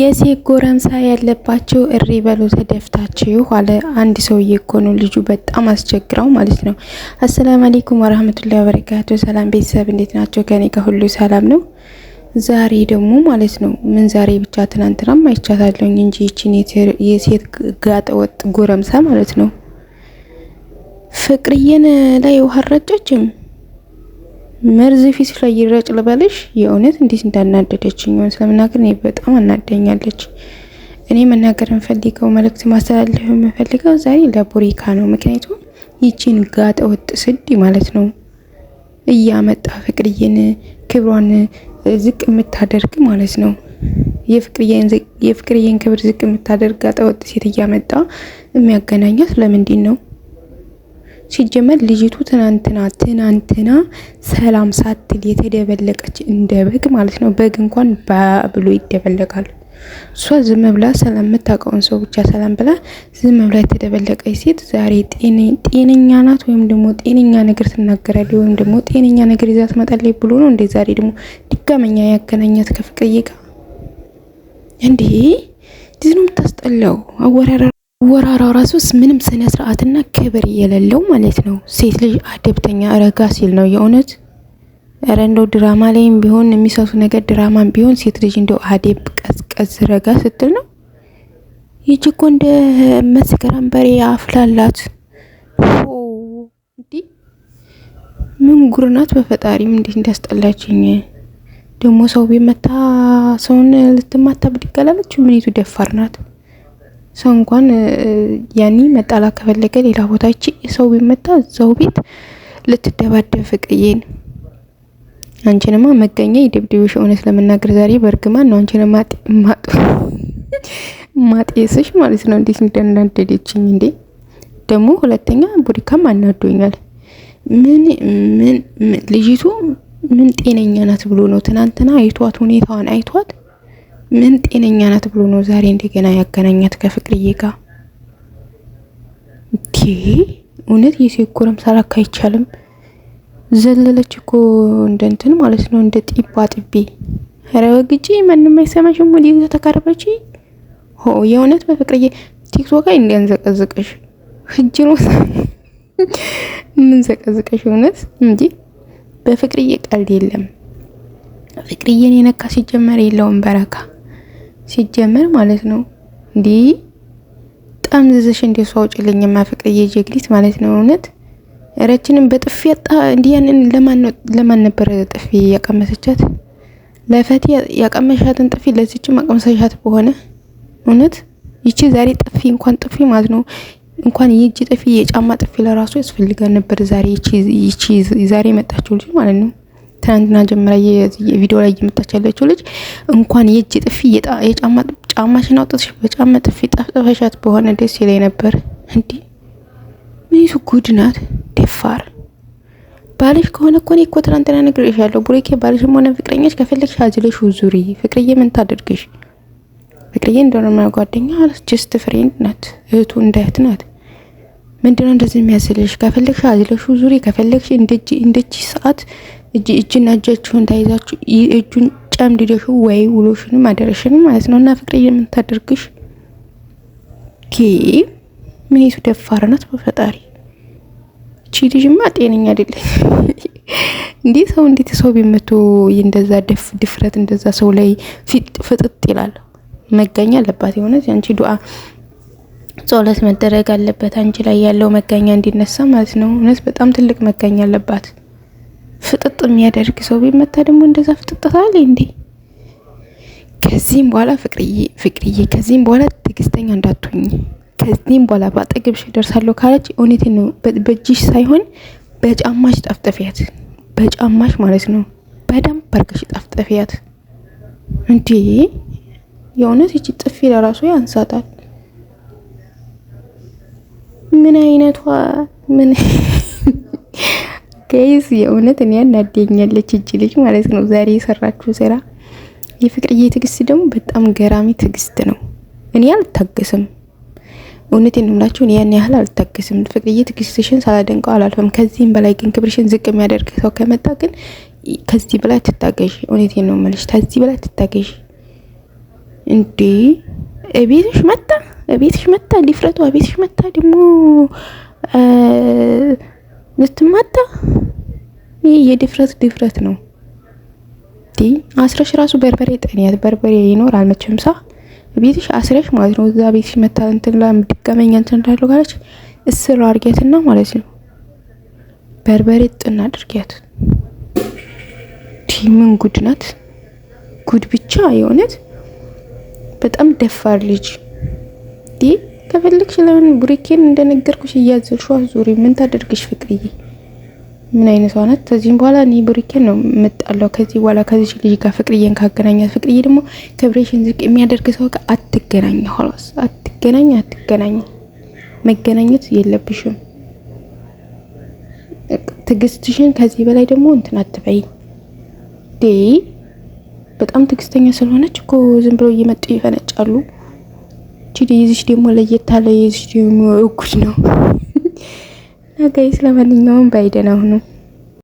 የሴት ጎረምሳ ያለባቸው እሪ በሉ ተደፍታችሁ አለ አንድ ሰውዬ እኮ ነው ልጁ በጣም አስቸግራው ማለት ነው። አሰላም አለይኩም ወራህመቱላሂ ወበረካቱ። ሰላም ቤተሰብ እንዴት ናቸው? ከኔ ጋር ሁሉ ሰላም ነው። ዛሬ ደግሞ ማለት ነው ምን ዛሬ ብቻ ትናንትናም አይቻታለሁኝ እንጂ ይቺን የሴት ጋጠወጥ ጎረምሳ ማለት ነው ፍቅርዬን ላይ ውሃ መርዝ ፊት ላይ ይረጭ ልበልሽ። የእውነት እንዴት እንዳናደደችኝ ሆን ስለምናገር እኔ በጣም አናደኛለች። እኔ መናገር የምፈልገው መልእክት ማስተላለፍ የምፈልገው ዛሬ ለቡሪካ ነው። ምክንያቱም ይቺን ጋጠ ወጥ ስድ ማለት ነው እያመጣ ፍቅርዬን ክብሯን ዝቅ የምታደርግ ማለት ነው የፍቅርዬን ክብር ዝቅ የምታደርግ ጋጠ ወጥ ሴት እያመጣ የሚያገናኛት ለምንድን ነው? ሲጀመር ልጅቱ ትናንትና ትናንትና ሰላም ሳትል የተደበለቀች እንደ በግ ማለት ነው። በግ እንኳን ብሎ ይደበለቃሉ። እሷ ዝም ብላ ሰላም የምታውቀውን ሰው ብቻ ሰላም ብላ ዝም ብላ የተደበለቀች ሴት ዛሬ ጤነኛ ናት ወይም ደግሞ ጤነኛ ነገር ትናገራለች ወይም ደግሞ ጤነኛ ነገር ይዛ ትመጣለች ብሎ ነው እንዴ? ዛሬ ደግሞ ድጋመኛ ያገናኛት ከፍቅዬ ጋር እንዴ? ነው የምታስጠላው አወራራ ወራራው ራሱስ ምንም ስነ ስርዓትና ክብር የሌለው ማለት ነው። ሴት ልጅ አደብተኛ ረጋ ሲል ነው የእውነት። ኧረ እንደው ድራማ ላይም ቢሆን የሚሰሱ ነገር ድራማም ቢሆን ሴት ልጅ እንደው አደብ ቀዝቀዝ ረጋ ስትል ነው። ይቺ እኮ እንደ መስከረም በሬ አፍላላት እንዲ ምን ጉርናት በፈጣሪም እንዴት እንዳስጠላችኝ። ደግሞ ሰው ቤት ሰውን ልትማታ ብድግ አላለችም። ምኔቱ ደፋር ናት። ሰው እንኳን ያኔ መጣላ ከፈለገ ሌላ ቦታ ይቺ ሰው ቢመጣ እዛው ቤት ልትደባደብ ፍቅዬን አንቺንማ መገኛ የደብድብሽ። እውነት ለመናገር ዛሬ በእርግማን ነው አንቺን ማጤስሽ ማለት ነው። እንዴት እንዳናደደችኝ እንዴ! ደግሞ ሁለተኛ ቡሪካም አናዶኛል። ምን ምን ልጅቱ ምን ጤነኛ ናት ብሎ ነው ትናንትና አይቷት ሁኔታዋን አይቷት ምን ጤነኛ ናት ብሎ ነው ዛሬ እንደገና ያገናኛት ከፍቅርዬ ጋር እንዴ? እውነት የሴት ጎረምሳ ላካ አይቻልም። ዘለለች እኮ እንደ እንትን ማለት ነው እንደ ጢባ ጢቤ። ኧረ ወግጪ፣ ማንም አይሰማሽም። ወዲህ እዛ ተካረበች። ሆ የእውነት በፍቅርዬ ቲክቶክ ላይ እንዲያንዘቀዝቀሽ ህጅ ነው ምን ዘቀዝቀሽ እውነት እንጂ በፍቅርዬ ቀልድ የለም። ፍቅርዬን የነካ ሲጀመር የለውም በረካ ሲጀመር ማለት ነው እንዲህ ጠምዝዝሽ እንዴ እሷ አውጪልኝ የማፈቅርዬ ጀግሊት ማለት ነው እውነት ረችንም በጥፊ ያጣ እንዲህ ያንን ለማን ነበር ጥፊ ያቀመሰቻት? ለፈቲ ያቀመሻትን ጥፊ ለዚችም አቀመሰሻት በሆነ እውነት ይቺ ዛሬ ጥፊ እንኳን ጥፊ ማለት ነው እንኳን የእጅ ጥፊ የጫማ ጥፊ ለራሱ ያስፈልጋል ነበር ዛሬ ይቺ ዛሬ የመጣችው ልጅ ማለት ነው። ትናንትና ጀምራ የቪዲዮ ላይ እየመጣች ያለችው ልጅ እንኳን የእጅ ጥፊ የጫማ ጫማሽን አውጥተሽ በጫማ ጥፊ ጠፍጥፈሻት በሆነ ደስ ይለኝ ነበር። እንዲህ ምኒቱ ጉድ ናት። ደፋር ባልሽ ከሆነ እኮ እኔ እኮ ትናንትና ያለው ቡሬኬ ባልሽም ሆነ ፍቅረኛሽ ከፈለግሽ አዝለሽ ዙሪ። ፍቅርዬ ምን ታደርግሽ? ፍቅርዬ እንደሆነ ጓደኛ ጀስት ፍሬንድ ናት። እህቱ እንደ እህት ናት። ምንድነው እንደዚህ የሚያስልሽ? ከፈለግሽ አዝለሽ ዙሪ። ከፈለግሽ እንደቺ ሰዓት እጅ እጅና እጃችሁን ተያይዛችሁ እጁን ጨምድደሽ ወይ ውሎሽንም አደረሽንም ማለት ነው። እና ፍቅር የምታደርግሽ ኬ ምን ይሱ ደፋር ናት። በፈጣሪ እቺ ልጅማ ጤነኛ አይደለች እንዴ! ሰው እንዴት ሰው ቢመቶ እንደዛ ደፍ ድፍረት እንደዛ ሰው ላይ ፍጥጥ ይላል። መገኛ አለባት የሆነ አንቺ ዱዓ ጸሎት መደረግ አለበት አንቺ ላይ ያለው መገኛ እንዲነሳ ማለት ነው። እውነት በጣም ትልቅ መገኛ አለባት። ፍጥጥ የሚያደርግ ሰው ቢመታ ደግሞ እንደዛ ፍጥጥ ታለ እንዴ! ከዚህም በኋላ ፍቅርዬ ፍቅርዬ ከዚህም በኋላ ትግስተኛ እንዳትሆኝ ከዚህም በኋላ በአጠገብሽ ደርሳለሁ ካለች እውነቴን ነው። በእጅሽ ሳይሆን በጫማሽ ጣፍጠፊያት፣ በጫማሽ ማለት ነው። በደንብ በርገሽ ጣፍጠፊያት። እንዴ የእውነት እቺ ጥፊ ለራሱ ያንሳታል። ምን አይነቷ ምን ጋይስ የእውነት እኔ እናደኛለች እጅ ልጅ ማለት ነው። ዛሬ የሰራችሁ ስራ የፍቅርዬ ትግስት ደግሞ በጣም ገራሚ ትግስት ነው። እኔ አልታገስም፣ እውነት እንምላችሁ፣ እኔ ያን ያህል አልታገስም። ፍቅርዬ ትግስትሽን ሳላደንቀው አላልፈም። ከዚህም በላይ ግን ክብርሽን ዝቅ የሚያደርግ ሰው ከመጣ ግን ከዚህ በላይ ትታገሽ። እውነት ነው የምልሽ፣ ከዚህ በላይ ትታገሽ። እንዴ እቤትሽ መጣ፣ እቤትሽ መጣ፣ ሊፍረቱ እቤትሽ መጣ ደግሞ ልትማታ ይህ የድፍረት ድፍረት ነው። አስረሽ ራሱ በርበሬ ጠንያት በርበሬ ይኖራል መቼም ሳ ቤትሽ አስረሽ ማለት ነው። እዛ ቤትሽ መታ እንትን ድጋመኛ እንትን እንዳለው ካለች እስር አድርጊያትና ማለት ነው በርበሬ ጥና አድርጊያት። ምን ጉድ ናት ጉድ ብቻ የእውነት በጣም ደፋር ልጅ ከፈለግሽ ለምን ቡሪኬን እንደነገርኩሽ እያዘልሽ ዙሪ። ምን ታደርግሽ ፍቅርዬ? ምን አይነት ሰው ናት? ከዚህም በኋላ እኔ ቡሪኬን ነው የምጣለው። ከዚህ በኋላ ከዚህ ልጅ ጋር ፍቅርዬን ካገናኛት፣ ፍቅርዬ ደግሞ ክብሬሽን ዝቅ የሚያደርግ ሰው ጋር አትገናኝ። ኋላስ አትገናኝ፣ አትገናኝ፣ መገናኘት የለብሽም። ትግስትሽን ከዚህ በላይ ደግሞ እንትን አትበይ። ዴ በጣም ትግስተኛ ስለሆነች እኮ ዝም ብሎ እየመጡ ይፈነጫሉ። እቺ የይዝሽ ደግሞ ለየት ያለ የይዝሽ ደግሞ እጉድ ነው። ነገ ስለማንኛውም ባይደን አሁኑ